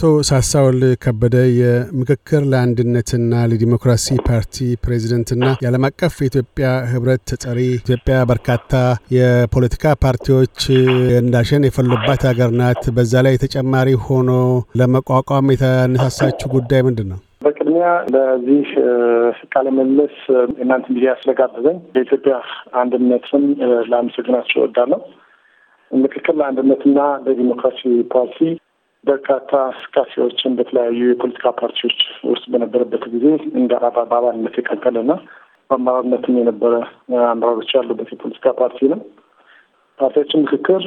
አቶ ሳሳውል ከበደ የምክክር ለአንድነትና ለዲሞክራሲ ፓርቲ ፕሬዚደንትና የዓለም አቀፍ የኢትዮጵያ ህብረት ተጠሪ ኢትዮጵያ በርካታ የፖለቲካ ፓርቲዎች እንዳሸን የፈሉባት ሀገር ናት። በዛ ላይ ተጨማሪ ሆኖ ለመቋቋም የተነሳሳችው ጉዳይ ምንድን ነው? በቅድሚያ ለዚህ ቃለ መልስ እናንተ ሚዲያ ያስለጋበዘኝ በኢትዮጵያ አንድነትም ላመሰግናችሁ እወዳለሁ። ምክክር ለአንድነትና ለዲሞክራሲ ፓርቲ በርካታ እንቅስቃሴዎችን በተለያዩ የፖለቲካ ፓርቲዎች ውስጥ በነበረበት ጊዜ እንደ አራባ በአባልነት የቀጠለና በአመራርነትም የነበረ አመራሮች ያሉበት የፖለቲካ ፓርቲ ነው። ፓርቲያችን ምክክር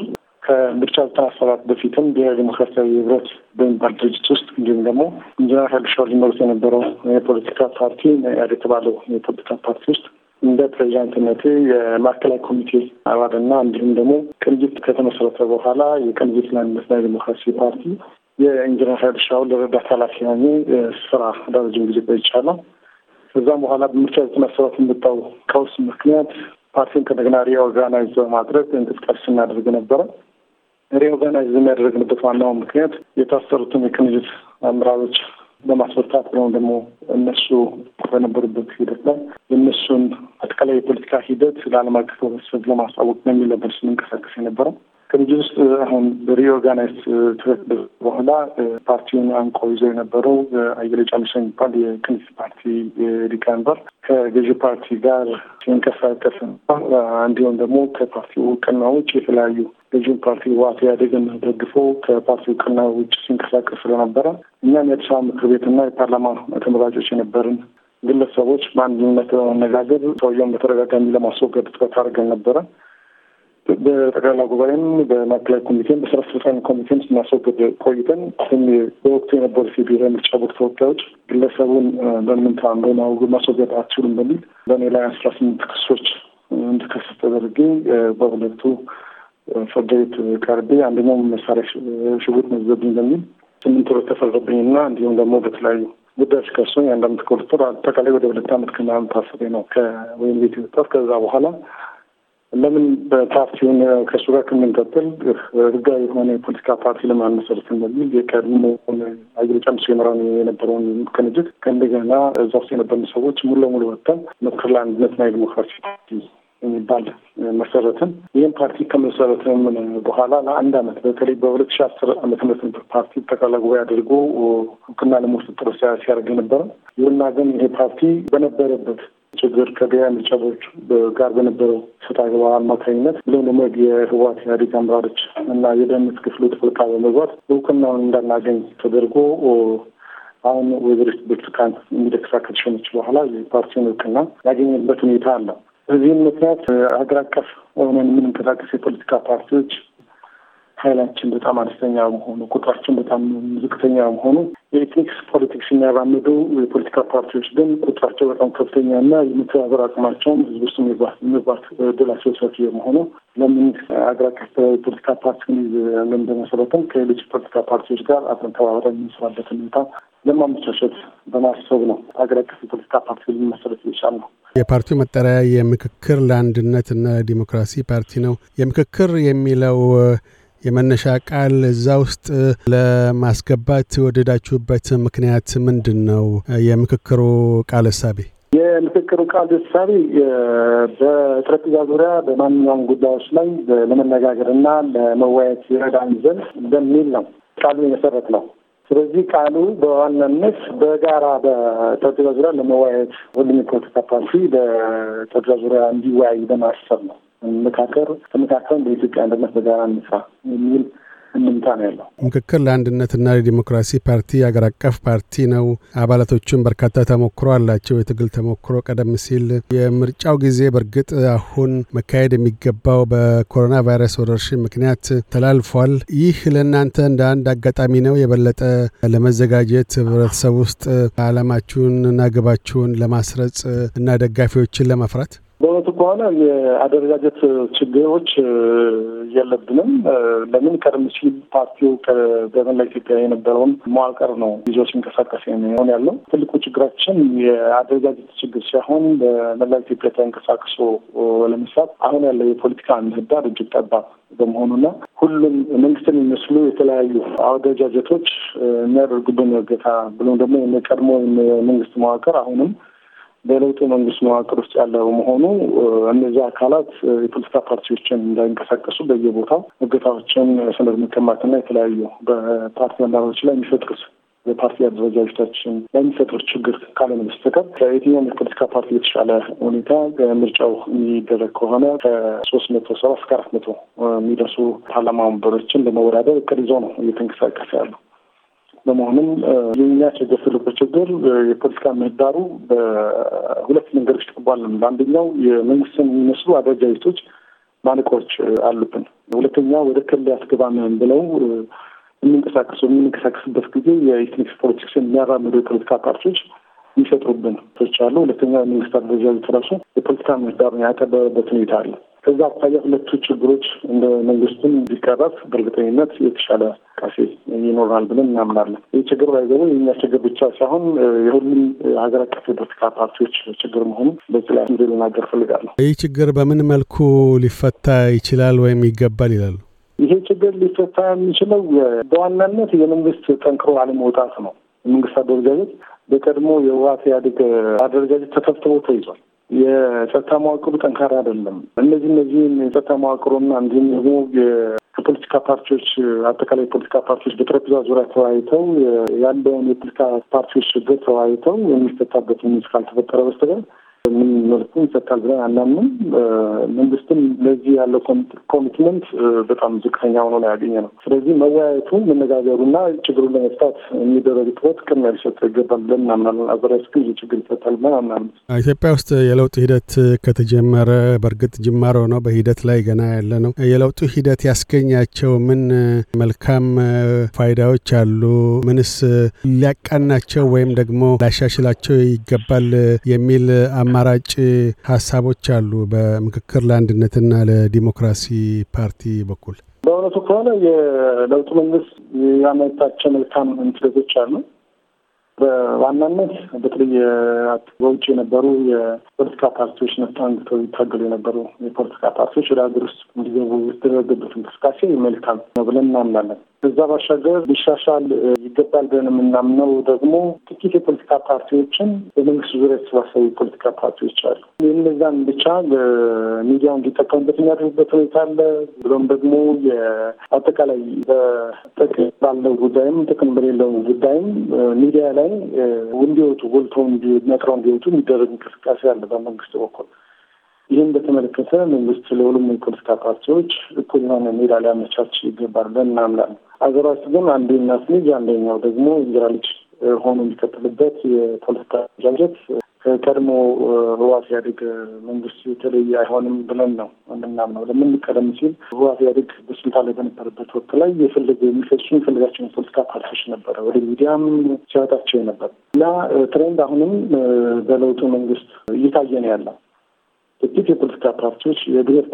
ከምርጫ ዘጠና ሰባት በፊትም ብሔራዊ ዴሞክራሲያዊ ህብረት በሚባል ድርጅት ውስጥ እንዲሁም ደግሞ ኢንጂነር ሀይሉ ሻውል ሊመሩት የነበረው የፖለቲካ ፓርቲ ኢህአዴግ የተባለው የፖለቲካ ፓርቲ ውስጥ እንደ ፕሬዚዳንትነት የማዕከላዊ ኮሚቴ አባልና እንዲሁም ደግሞ ቅንጅት ከተመሰረተ በኋላ የቅንጅትና አንድነትና ዲሞክራሲ ፓርቲ የኢንጂነር ኃይሉ ሻውን ለረዳት ኃላፊ ሆኜ ስራ ለረጅም ጊዜ ቆይቻለሁ። ከዛም በኋላ በምርጫ ዘጠና ሰባት ከውስ ምክንያት ፓርቲን ከደግና ሪኦርጋናይዝ በማድረግ እንቅስቃሴ ስናደርግ ነበረ። ሪኦርጋናይዝ የሚያደረግንበት ዋናው ምክንያት የታሰሩትን የቅንጅት አመራሮች በማስወጣት ነው ደግሞ እነሱ በነበሩበት ሂደት ላይ የእነሱን አጠቃላይ የፖለቲካ ሂደት ለዓለም አቀፍ ህብረተሰብ ለማስታወቅ በሚል ነበር ስንንቀሳቀስ የነበረው። ከዚህ ውስጥ አሁን በሪኦርጋናይዝ ተደረገ በኋላ ፓርቲውን አንቆ ይዞ የነበረው አየለ ጫምሶ የሚባል የክንፍ ፓርቲ ሊቀመንበር ከገዢ ፓርቲ ጋር ሲንቀሳቀስ እንዲሁም ደግሞ ከፓርቲው እውቅና ውጭ የተለያዩ ገዢውን ፓርቲ ህወሓት ኢህአዴግን ደግፎ ከፓርቲው እውቅና ውጭ ሲንቀሳቀስ ስለነበረ እኛም የአዲስ አበባ ምክር ቤትና የፓርላማ ተመራጮች የነበርን ግለሰቦች በአንድነት በመነጋገር ሰውየውን በተደጋጋሚ ለማስወገድ ጥረት አድርገን ነበረ። በጠቅላላ ጉባኤም በማዕከላዊ ኮሚቴም በስራ አስፈጻሚ ኮሚቴም ስናስወግድ ቆይተን አሁን በወቅቱ የነበሩት የብሔራዊ ምርጫ ቦርድ ተወካዮች ግለሰቡን በምንታ እንደሆነ ማስወገድ አትችሉም በሚል በእኔ ላይ አስራ ስምንት ክሶች እንድከስ ተደርጌ በሁለቱ ፍርድ ቤት ቀርቤ አንደኛው መሳሪያ ሽጉጥ መዘብኝ በሚል ስምንት ወር ተፈረደብኝ እና እንዲሁም ደግሞ በተለያዩ ጉዳዮች ከሱ የአንድ አመት ከሁለት ወር አጠቃላይ ወደ ሁለት አመት ከምናምን ታስሬ ነው ከወይም ቤት የወጣሁት። ከዛ በኋላ ለምን በፓርቲውን ከእሱ ጋር ከምንቀጥል ህጋዊ የሆነ የፖለቲካ ፓርቲ ለማመሰረትን በሚል የቀድሞ አየር ጨምሶ የመራን የነበረውን ቅንጅት ከእንደገና እዛ ውስጥ የነበሩ ሰዎች ሙሉ ለሙሉ ወጥተን ምክር ለአንድነትና የዲሞክራሲ ፓርቲ የሚባል መሰረትን። ይህም ፓርቲ ከመሰረትም በኋላ ለአንድ አመት በተለይ በሁለት ሺ አስር አመተ ምህረት ፓርቲ ጠቅላላ ጉባኤ አድርጎ እውቅና ለመውሰድ ጥረት ሲያደርግ ነበረ። ይሁና ግን ይሄ ፓርቲ በነበረበት ችግር ከብሔራዊ ምርጫ ቦርድ ጋር በነበረው ሰጣ ገባ አማካኝነት ብሎም ደግሞ የህወሓት ኢህአዴግ አምራሮች እና የደህንነት ክፍሉ ጣልቃ በመግባት እውቅናውን እንዳናገኝ ተደርጎ አሁን ወይዘሪት ብርቱካን ሚደቅሳ ከተሸነች በኋላ የፓርቲውን እውቅና ያገኘበት ሁኔታ አለ። በዚህም ምክንያት ሀገር አቀፍ ሆነን የምንንቀሳቀስ የፖለቲካ ፓርቲዎች ኃይላችን በጣም አነስተኛ መሆኑ፣ ቁጥራችን በጣም ዝቅተኛ መሆኑ የኤትኒክስ ፖለቲክስ የሚያራምዱ የፖለቲካ ፓርቲዎች ግን ቁጥራቸው በጣም ከፍተኛ እና የመተባበር አቅማቸውም ህዝብ ውስጥ መግባት ድላቸው ሰፊ የመሆኑ ለምን አገር አቀፍ ፖለቲካ ፓርቲ በመሰረትም ከሌሎች ፖለቲካ ፓርቲዎች ጋር አብረን ተባብረን የምንሰራበት ሁኔታ ለማመቻቸት በማሰብ ነው አገር አቀፍ የፖለቲካ ፓርቲ ሊመሰረት ይቻል ነው። የፓርቲው መጠሪያ የምክክር ለአንድነትና ዲሞክራሲ ፓርቲ ነው። የምክክር የሚለው የመነሻ ቃል እዛ ውስጥ ለማስገባት የወደዳችሁበት ምክንያት ምንድን ነው? የምክክሩ ቃል እሳቤ የምክክሩ ቃል እሳቤ በጠረጴዛ ዙሪያ በማንኛውም ጉዳዮች ላይ ለመነጋገር ለመነጋገርና ለመወያየት ይረዳን ዘንድ በሚል ነው ቃሉ የመሰረት ነው። ስለዚህ ቃሉ በዋናነት በጋራ በጠረጴዛ ዙሪያ ለመወያየት ሁሉም የፖለቲካ ፓርቲ በጠረጴዛ ዙሪያ እንዲወያይ በማሰብ ነው። መካከር ተመካከርን በኢትዮጵያ አንድነት በጋራ እንስራ የሚል እንምታ ነው ያለው። ምክክር ለአንድነትና ለዲሞክራሲ ፓርቲ አገር አቀፍ ፓርቲ ነው። አባላቶቹም በርካታ ተሞክሮ አላቸው፣ የትግል ተሞክሮ። ቀደም ሲል የምርጫው ጊዜ በእርግጥ አሁን መካሄድ የሚገባው በኮሮና ቫይረስ ወረርሽኝ ምክንያት ተላልፏል። ይህ ለእናንተ እንደ አንድ አጋጣሚ ነው የበለጠ ለመዘጋጀት ህብረተሰብ ውስጥ አላማችሁን እና ግባችሁን ለማስረጽ እና ደጋፊዎችን ለማፍራት በእውነቱ ከሆነ የአደረጃጀት ችግሮች የለብንም። ለምን ቀደም ሲል ፓርቲው በመላ ኢትዮጵያ የነበረውን መዋቅር ነው ይዞ ሲንቀሳቀስ የሚሆን ያለው። ትልቁ ችግራችን የአደረጃጀት ችግር ሳይሆን በመላ ኢትዮጵያ ተንቀሳቅሶ ለመስራት አሁን ያለው የፖለቲካ ምህዳር እጅግ ጠባብ በመሆኑና ሁሉም መንግስትን የሚመስሉ የተለያዩ አደረጃጀቶች የሚያደርጉብን እገታ ብሎም ደግሞ የቀድሞ መንግስት መዋቅር አሁንም በለውጡ መንግስት መዋቅር ውስጥ ያለ በመሆኑ እነዚህ አካላት የፖለቲካ ፓርቲዎችን እንዳይንቀሳቀሱ በየቦታው እገታዎችን፣ ሰነድ መከማትና የተለያዩ በፓርቲ አመራሮች ላይ የሚፈጥሩት የፓርቲ አደረጃጀታችን ለሚፈጥሩት ችግር ካልሆነ በስተቀር ከየትኛውም የፖለቲካ ፓርቲ የተሻለ ሁኔታ ምርጫው የሚደረግ ከሆነ ከሶስት መቶ ሰባ እስከ አራት መቶ የሚደርሱ ፓርላማ ወንበሮችን ለመወዳደር እቅድ ይዞ ነው እየተንቀሳቀሰ ያለው። በመሆኑም የኛ ችግር ትልቁ ችግር የፖለቲካ ምህዳሩ በሁለት መንገዶች ተቀባለን። በአንደኛው የመንግስትን የሚመስሉ አደረጃጀቶች ማነቆዎች አሉብን። ሁለተኛ ወደ ክልል አትገባም ብለው የምንቀሳቀሱ የምንንቀሳቀስበት ጊዜ የኢትኒክስ ፖለቲክስ የሚያራምዱ የፖለቲካ ፓርቲዎች የሚፈጥሩብን ቶች አሉ። ሁለተኛ የመንግስት አደረጃጀት ራሱ የፖለቲካ ምህዳሩን ያጠበበበት ሁኔታ አለ። ከዛ አኳያ ሁለቱ ችግሮች እንደ መንግስትም ቢቀረፍ በእርግጠኝነት የተሻለ ቃሴ ይኖራል ብለን እናምናለን። ይህ ችግር ባይዘቡ የኛ ችግር ብቻ ሳይሆን የሁሉም ሀገር አቀፍ የፖለቲካ ፓርቲዎች ችግር መሆኑን በዚህ ላይ ልናገር ፈልጋለሁ። ይህ ችግር በምን መልኩ ሊፈታ ይችላል ወይም ይገባል ይላሉ? ይሄ ችግር ሊፈታ የሚችለው በዋናነት የመንግስት ጠንክሮ አለመውጣት ነው። የመንግስት አደረጃጀት በቀድሞ የህወሓት ኢህአዴግ አደረጃጀት ተተብትቦ ተይዟል። የጸጥታ መዋቅሩ ጠንካራ አይደለም። እነዚህ እነዚህን የጸጥታ መዋቅሩና እንዲሁም ደግሞ የፖለቲካ ፓርቲዎች አጠቃላይ የፖለቲካ ፓርቲዎች በጠረጴዛ ዙሪያ ተወያይተው ያለውን የፖለቲካ ፓርቲዎች ችግር ተወያይተው የሚፈታበት ምንጭ ካልተፈጠረ በስተቀር ምን መልኩ ይሰጣል ብለን አናምንም። መንግስትም ለዚህ ያለው ኮሚትመንት በጣም ዝቅተኛ ሆኖ ነው ያገኘ ነው። ስለዚህ መወያየቱ፣ መነጋገሩና ችግሩን ለመፍታት የሚደረግ ጥረት ቅድሚያ ሊሰጠው ይገባል ብለን እናምናለን። አዘራስ ግን ይህ ችግር ይፈታል ብለን አናምንም። ኢትዮጵያ ውስጥ የለውጥ ሂደት ከተጀመረ በእርግጥ ጅማሮ ነው፣ በሂደት ላይ ገና ያለ ነው። የለውጡ ሂደት ያስገኛቸው ምን መልካም ፋይዳዎች አሉ? ምንስ ሊያቃናቸው ወይም ደግሞ ላሻሽላቸው ይገባል የሚል አማራጭ ሀሳቦች አሉ በምክክር ለአንድነትና ለዲሞክራሲ ፓርቲ በኩል። በእውነቱ ከሆነ የለውጡ መንግስት ያመጣቸው መልካም ውጤቶች አሉ። በዋናነት በተለይ በውጭ የነበሩ የፖለቲካ ፓርቲዎች ነፍጥ አንግተው ይታገሉ የነበሩ የፖለቲካ ፓርቲዎች ወደ ሀገር ውስጥ እንዲገቡ የተደረገበት እንቅስቃሴ መልካም ነው ብለን እናምናለን። እዛ ባሻገር ሊሻሻል ይገባል ብለን የምናምነው ደግሞ ጥቂት የፖለቲካ ፓርቲዎችን በመንግስት ዙሪያ የተሰባሰቡ የፖለቲካ ፓርቲዎች አሉ። እነዛን ብቻ ለሚዲያው እንዲጠቀሙበት የሚያደርጉበት ሁኔታ አለ። ብሎም ደግሞ የአጠቃላይ በጥቅም ባለው ጉዳይም ጥቅም በሌለው ጉዳይም ሚዲያ ላይ እንዲወጡ ጎልቶ ነጥረው እንዲወጡ የሚደረግ እንቅስቃሴ አለ በመንግስት በኩል። ይህም በተመለከተ መንግስት ለሁሉም የፖለቲካ ፓርቲዎች እኩል የሆነ ሜዳ ሊያመቻች ይገባል በምናምናል። አገራት ግን አንዱ እናት ልጅ አንደኛው ደግሞ እንጀራ ልጅ ሆኖ የሚቀጥልበት የፖለቲካ ጃጀት ከቀድሞ ህዋት ኢህአዴግ መንግስት የተለየ አይሆንም ብለን ነው የምናምነው። ለምን ቀደም ሲል ህዋት ኢህአዴግ በስልጣን ላይ በነበረበት ወቅት ላይ የፈለገ የሚፈሱ የፈለጋቸውን የፖለቲካ ፓርቲዎች ነበረ ወደ ሚዲያም ሲያወጣቸው ነበር እና ትሬንድ አሁንም በለውጡ መንግስት እየታየ ነው ያለው። ጥቂት የፖለቲካ ፓርቲዎች የብሔር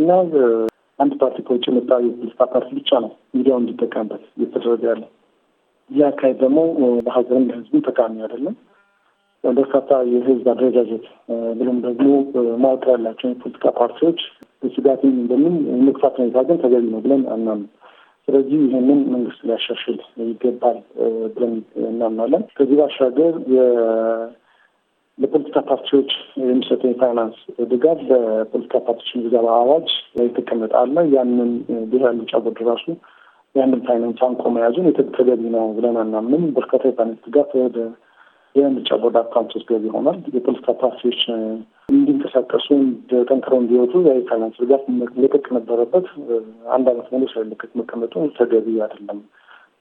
እና አንድ ፓርቲ ከውጭ የመጣ የፖለቲካ ፓርቲ ብቻ ነው ሚዲያው እንዲጠቀምበት እየተደረገ ያለ። ይህ አካሄድ ደግሞ ለሀገርም ለህዝቡ ጠቃሚ አይደለም። በርካታ የህዝብ አደረጃጀት ብሎም ደግሞ መዋቅር ያላቸውን የፖለቲካ ፓርቲዎች በስጋትም እንደምን መግፋት ሁኔታ ግን ተገቢ ነው ብለን አናምንም። ስለዚህ ይህንን መንግስት ሊያሻሽል ይገባል ብለን እናምናለን። ከዚህ ባሻገር ለፖለቲካ ፓርቲዎች የሚሰጠኝ የፋይናንስ ድጋፍ በፖለቲካ ፓርቲዎች ምዝገባ አዋጅ ላይ አለ። ያንን ብሔራዊ ምርጫ ቦርድ ራሱ ያንን ፋይናንስ አንቆ መያዙን የተገቢ ነው ብለን አናምንም። በርካታ የፋይናንስ ድጋፍ ወደ የምርጫ ቦርድ አካውንቶች ገቢ ይሆናል። የፖለቲካ ፓርቲዎች እንዲንቀሳቀሱ ጠንክረው እንዲወጡ የፋይናንስ ድጋፍ መለቀቅ ነበረበት። አንድ አመት ሙሉ ሳይለቀቅ መቀመጡ ተገቢ አይደለም።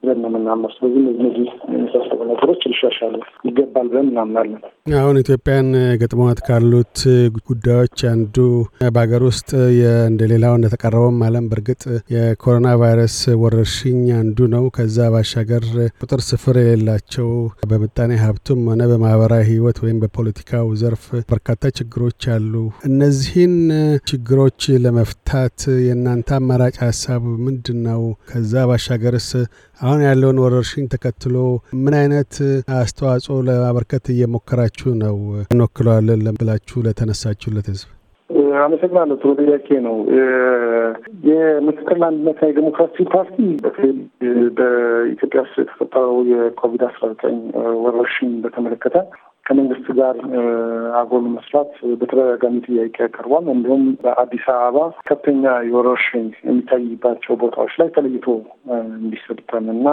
ብለን ነው ስለዚህ እነዚህ የመሳሰሉ ነገሮች ሊሻሻሉ ይገባል ብለን እናምናለን። አሁን ኢትዮጵያን ገጥሟት ካሉት ጉዳዮች አንዱ በሀገር ውስጥ እንደሌላው እንደተቀረበውም ዓለም በእርግጥ የኮሮና ቫይረስ ወረርሽኝ አንዱ ነው። ከዛ ባሻገር ቁጥር ስፍር የሌላቸው በምጣኔ ሀብቱም ሆነ በማህበራዊ ህይወት ወይም በፖለቲካው ዘርፍ በርካታ ችግሮች አሉ። እነዚህን ችግሮች ለመፍታት የእናንተ አማራጭ ሀሳብ ምንድን ነው? ከዛ ባሻገርስ አሁን ያለውን ወረርሽኝ ተከትሎ ምን አይነት አስተዋጽኦ ለማበርከት እየሞከራችሁ ነው? እንወክለዋለን ብላችሁ ለተነሳችሁለት ህዝብ አመሰግናለሁ። ጥሩ ጥያቄ ነው። የምስክር ለአንድነትና የዴሞክራሲ ፓርቲ በተለይ በኢትዮጵያ ውስጥ የተፈጠረው የኮቪድ አስራ ዘጠኝ ወረርሽኝ በተመለከተ ከመንግስት ጋር አጎል መስራት በተደጋጋሚ ጥያቄ ያቀርቧል። እንዲሁም በአዲስ አበባ ከፍተኛ የወረርሽኝ የሚታይባቸው ቦታዎች ላይ ተለይቶ እንዲሰጠን እና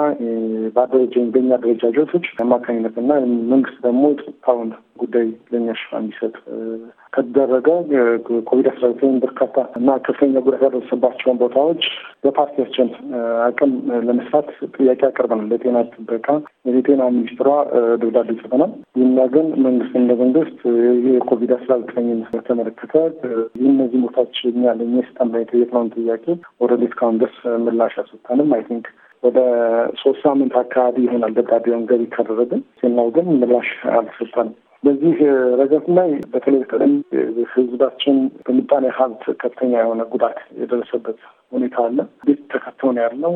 በአደረጃ በእኛ አደረጃጀቶች አማካኝነት እና መንግስት ደግሞ የጸጥታውን ጉዳይ ለኛ ሽፋን እንዲሰጥ ከተደረገ ኮቪድ አስራ ዘጠኝ በርካታ እና ከፍተኛ ጉዳት ያደረሰባቸውን ቦታዎች በፓርቲያችን አቅም ለመስራት ጥያቄ አቅርበናል። ለጤና ጥበቃ የጤና ሚኒስትሯ ደብዳቤ ጽፈናል። ይህና ግን ግን መንግስት እንደ መንግስት የኮቪድ አስራ ዘጠኝን በተመለከተ እነዚህ ቦታዎች ያለኝ ስጠምላ የጠየቅነውን ጥያቄ ወረዴት እስካሁን ድረስ ምላሽ አልሰጠንም። አይ ቲንክ ወደ ሶስት ሳምንት አካባቢ ይሆናል ደብዳቤውን ገቢ ካደረግን። ሲናው ግን ምላሽ አልተሰጠንም። በዚህ ረገድ ላይ በተለይ ቀደም ህዝባችን በምጣኔ ሀብት ከፍተኛ የሆነ ጉዳት የደረሰበት ሁኔታ አለ። ቤት ተከተው ነው ያለው።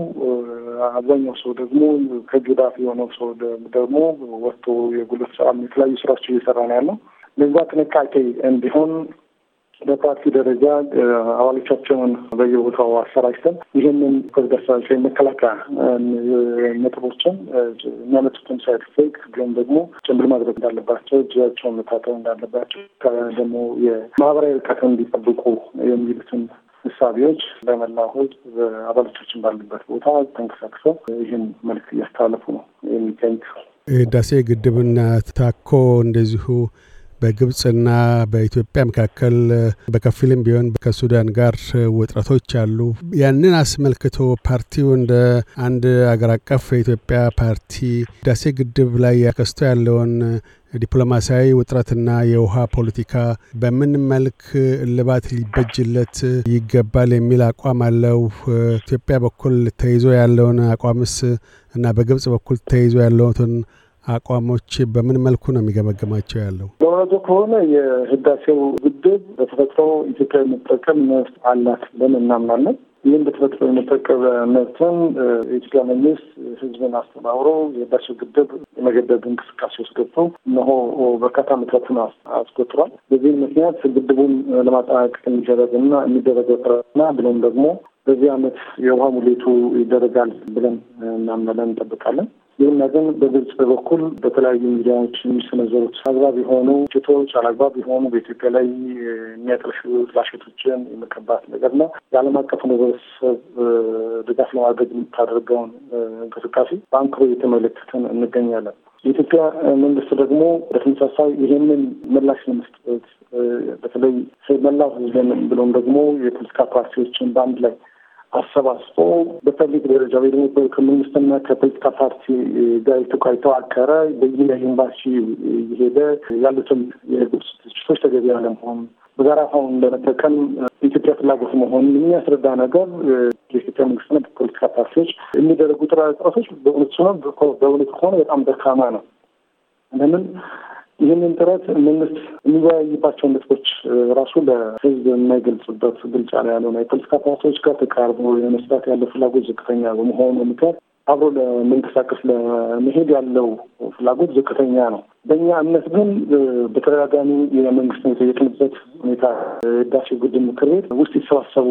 አብዛኛው ሰው ደግሞ ከእጅ የሆነው ሰው ደግሞ ወጥቶ የጉልበት ስራ የተለያዩ ስራዎች እየሰራ ነው ያለው። ለዛ ጥንቃቄ እንዲሆን በፓርቲ ደረጃ አባሎቻቸውን በየቦታው አሰራጭተን ይህንን ፕሬዝደርሳቸው የመከላከያ ነጥቦችን የሚያመጡትን ሳይድ ኢፌክት ደግሞ ጭምብል ማድረግ እንዳለባቸው፣ እጃቸውን መታጠብ እንዳለባቸው ደግሞ የማህበራዊ ርቀትን እንዲጠብቁ የሚሉትን እሳቢዎች ለመላው አባሎቻችን ባሉበት ቦታ ተንቀሳቅሰው ይህን መልዕክት እያስተላለፉ ነው የሚገኙት። ህዳሴ ግድብና ታኮ እንደዚሁ በግብፅና በኢትዮጵያ መካከል በከፊልም ቢሆን ከሱዳን ጋር ውጥረቶች አሉ። ያንን አስመልክቶ ፓርቲው እንደ አንድ አገር አቀፍ የኢትዮጵያ ፓርቲ ህዳሴ ግድብ ላይ ያከስቶ ያለውን ዲፕሎማሲያዊ ውጥረትና የውሃ ፖለቲካ በምን መልክ እልባት ሊበጅለት ይገባል የሚል አቋም አለው። ኢትዮጵያ በኩል ተይዞ ያለውን አቋምስ እና በግብጽ በኩል ተይዞ ያለውን አቋሞች በምን መልኩ ነው የሚገመግማቸው ያለው? በእውነቱ ከሆነ የህዳሴው ግድብ በተፈጥሮ ኢትዮጵያ የመጠቀም መብት አላት ብለን እናምናለን። ይህም በተፈጥሮ የመጠቀም መብትን የኢትዮጵያ መንግስት ህዝብን አስተባብሮ የህዳሴው ግድብ የመገደብ እንቅስቃሴ ውስጥ ገብቶ እነሆ በርካታ ዓመታትን አስቆጥሯል። በዚህ ምክንያት ግድቡን ለማጠናቀቅ የሚደረግና የሚደረገው ጥረትና ብሎም ደግሞ በዚህ ዓመት የውሃ ሙሌቱ ይደረጋል ብለን እናምናለን፣ እንጠብቃለን። ይሁንና ግን በግብጽ በበኩል በተለያዩ ሚዲያዎች የሚሰነዘሩት አግባብ የሆኑ ትችቶች አላግባብ የሆኑ በኢትዮጵያ ላይ የሚያጠልሹ ላሸቶችን የመቀባት ነገር ነው። የዓለም አቀፍ ማህበረሰብ ድጋፍ ለማድረግ የምታደርገውን እንቅስቃሴ በአንክሮ እየተመለከትን እንገኛለን። የኢትዮጵያ መንግስት ደግሞ በተመሳሳይ ይህንን ምላሽ ለመስጠት በተለይ መላው ሕዝብን ብሎም ደግሞ የፖለቲካ ፓርቲዎችን በአንድ ላይ አሰባስቦ በፐብሊክ ደረጃ ወይ ደግሞ ከመንግስትና ከፖለቲካ ፓርቲ ጋር የተቋይተው አከረ በየ ኤምባሲ እየሄደ ያሉትን የግብጽ ትችቶች ተገቢ አለመሆን በጋራ አሁን ለመጠቀም የኢትዮጵያ ፍላጎት መሆኑን የሚያስረዳ ነገር የኢትዮጵያ መንግስትና በፖለቲካ ፓርቲዎች የሚደረጉ ጥረቶች በእውነት ሲሆን በእውነት ከሆነ በጣም ደካማ ነው። ለምን ይህንን ጥረት መንግስት የሚወያይባቸው ነጥቦች ራሱ ለህዝብ የማይገልጽበት ግልጽ ያለ ያለሆነ የፖለቲካ ፓርቲዎች ጋር ተቃርቦ የመስራት ያለው ፍላጎት ዝቅተኛ በመሆኑ ምክንያት አብሮ ለመንቀሳቀስ ለመሄድ ያለው ፍላጎት ዝቅተኛ ነው። በእኛ እምነት ግን በተደጋጋሚ የመንግስትን የጠየቅንበት ሁኔታ ህዳሴ ግድብ ምክር ቤት ውስጥ የተሰባሰቡ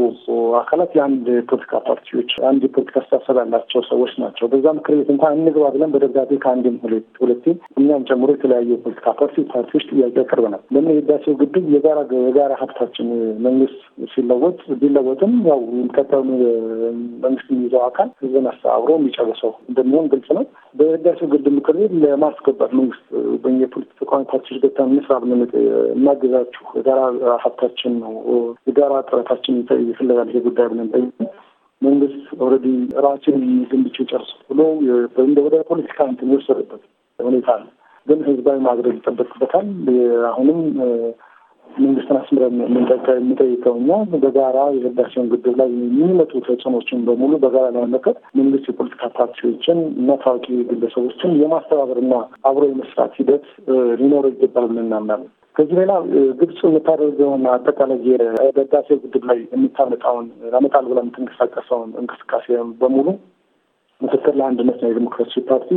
አካላት የአንድ ፖለቲካ ፓርቲዎች አንድ የፖለቲካ አስተሳሰብ ያላቸው ሰዎች ናቸው። በዛ ምክር ቤት እንኳን እንግባ ብለን በደብዳቤ ከአንድም ሁለቴ እኛም ጨምሮ የተለያዩ ፖለቲካ ፓርቲ ፓርቲዎች ጥያቄ ያቀርበናል። ለምን የህዳሴው ግድብ የጋራ የጋራ ሀብታችን መንግስት ሲለወጥ ቢለወጥም ያው የሚቀጠሉ መንግስት የሚይዘው አካል ህዝብን አስተባብሮ የሚጨርሰው እንደሚሆን ግልጽ ነው። በህዳሴው ግድብ ምክር ቤት ለማስገባት መንግስት ወይም የፖለቲካ ቋንቋችን ገታ እንስራ ብንምጥ የማገዛችሁ የጋራ ሀብታችን ነው፣ የጋራ ጥረታችን ይፈለጋል ይሄ ጉዳይ ብለን ጠይ መንግስት ኦልሬዲ ራችን ግንብቼ ጨርሶ ብሎ ወደ ፖለቲካ እንትን የወሰደበት ሁኔታ ነው። ግን ህዝባዊ ማድረግ ይጠበቅበታል። አሁንም መንግስትን አስምረን የምንጠይቀው እኛ በጋራ የህዳሴውን ግድብ ላይ የሚመጡ ተጽዕኖችን በሙሉ በጋራ ለመመከት መንግስት የፖለቲካ ፓርቲዎችን እና ታዋቂ ግለሰቦችን የማስተባበርና አብሮ የመስራት ሂደት ሊኖረው ይገባል ብለን እናምናለን። ከዚህ ሌላ ግብፅ የምታደርገውን አጠቃላይ የህዳሴው ግድብ ላይ የምታመጣውን ያመጣል ብላ የምትንቀሳቀሰውን እንቅስቃሴ በሙሉ ለአንድነት ና የዲሞክራሲ ፓርቲ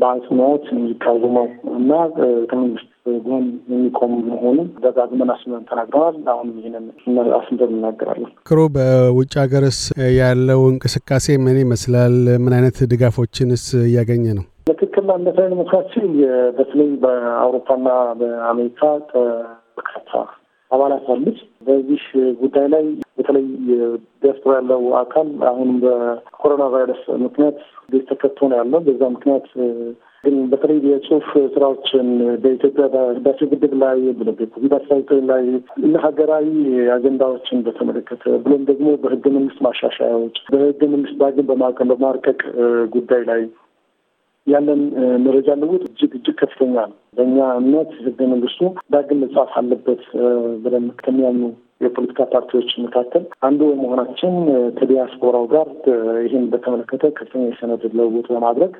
በአጽንኦት የሚቃወመው እና ከመንግስት ጎን የሚቆሙ መሆኑ ደጋግመን አስምረን ተናግረዋል። አሁን ይህንን አስምረን እናገራለን። ክሩ በውጭ ሀገርስ ያለው እንቅስቃሴ ምን ይመስላል? ምን አይነት ድጋፎችንስ እያገኘ ነው? ለአንድነት ና ዲሞክራሲ በተለይ በአውሮፓና በአሜሪካ በርካታ አባላት አሉት። በዚህ ጉዳይ ላይ በተለይ የዲያስፖራ ያለው አካል አሁንም በኮሮና ቫይረስ ምክንያት ቤት ተከቶ ነው ያለው። በዛ ምክንያት ግን በተለይ የጽሁፍ ስራዎችን በኢትዮጵያ በህዳሴ ግድብ ላይ በኮቪድ አስራ ዘጠኝ ላይ እና ሀገራዊ አጀንዳዎችን በተመለከተ ብሎም ደግሞ በህገ መንግስት ማሻሻያዎች በህገ መንግስት ዳግም በማቀም በማርቀቅ ጉዳይ ላይ ያለን መረጃ ልውጥ እጅግ እጅግ ከፍተኛ ነው። በእኛ እምነት ህገ መንግስቱ ዳግም መጻፍ አለበት ብለን ከሚያምኑ የፖለቲካ ፓርቲዎች መካከል አንዱ በመሆናችን ከዲያስፖራው ጋር ይህን በተመለከተ ከፍተኛ የሰነድ ለውጥ በማድረግ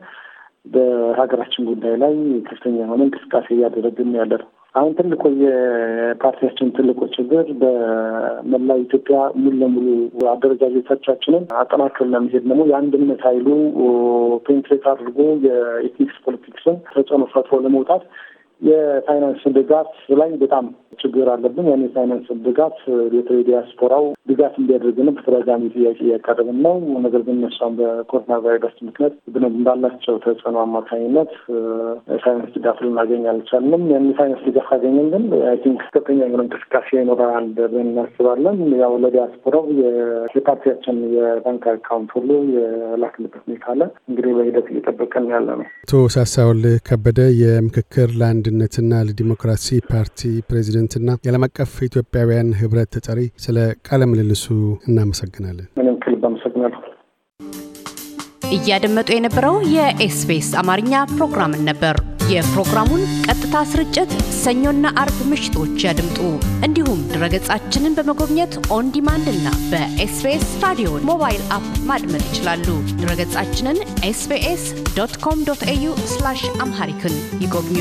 በሀገራችን ጉዳይ ላይ ከፍተኛ የሆነ እንቅስቃሴ እያደረግን ያለ ነው። አሁን ትልቁ የፓርቲያችን ትልቁ ችግር በመላ ኢትዮጵያ ሙሉ ለሙሉ አደረጃጀቶቻችንን አጠናክረን ለመሄድ ደግሞ የአንድነት ኃይሉ ፔንትሬት አድርጎ የኢትኒክስ ፖለቲክስን ተጽዕኖ ፈጥሮ ለመውጣት የፋይናንስ ድጋፍ ላይ በጣም ችግር አለብን። ያን የፋይናንስ ድጋፍ በተለይ ዲያስፖራው ድጋፍ እንዲያደርግን በተደጋሚ ጥያቄ እያቀረብን ነው። ነገር ግን እነሷን በኮሮና ቫይረስ ምክንያት ባላቸው ተጽዕኖ አማካኝነት የፋይናንስ ድጋፍ ልናገኝ አልቻልንም። ያን የፋይናንስ ድጋፍ ካገኘን ግን አይ ቲንክ ከፍተኛ የሆነ እንቅስቃሴ ይኖራል ብለን እናስባለን። ያው ለዲያስፖራው የፓርቲያችን የባንክ አካውንት ሁሉ የላክልበት ሁኔታ እንግዲህ በሂደት እየጠበቀን ያለ ነው። አቶ ሳሳውል ከበደ የምክክር ላንድ አንድነትና ለዲሞክራሲ ፓርቲ ፕሬዚደንትና የዓለም አቀፍ ኢትዮጵያውያን ህብረት ተጠሪ፣ ስለ ቃለ ምልልሱ እናመሰግናለን። ምንም ክልብ አመሰግናለሁ። እያደመጡ የነበረው የኤስቢኤስ አማርኛ ፕሮግራምን ነበር። የፕሮግራሙን ቀጥታ ስርጭት ሰኞና አርብ ምሽቶች ያድምጡ። እንዲሁም ድረገጻችንን በመጎብኘት ኦን ዲማንድ እና በኤስቢኤስ ራዲዮ ሞባይል አፕ ማድመጥ ይችላሉ። ድረገጻችንን ኤስቢኤስ ዶት ኮም ዶት ኤዩ አምሃሪክን ይጎብኙ።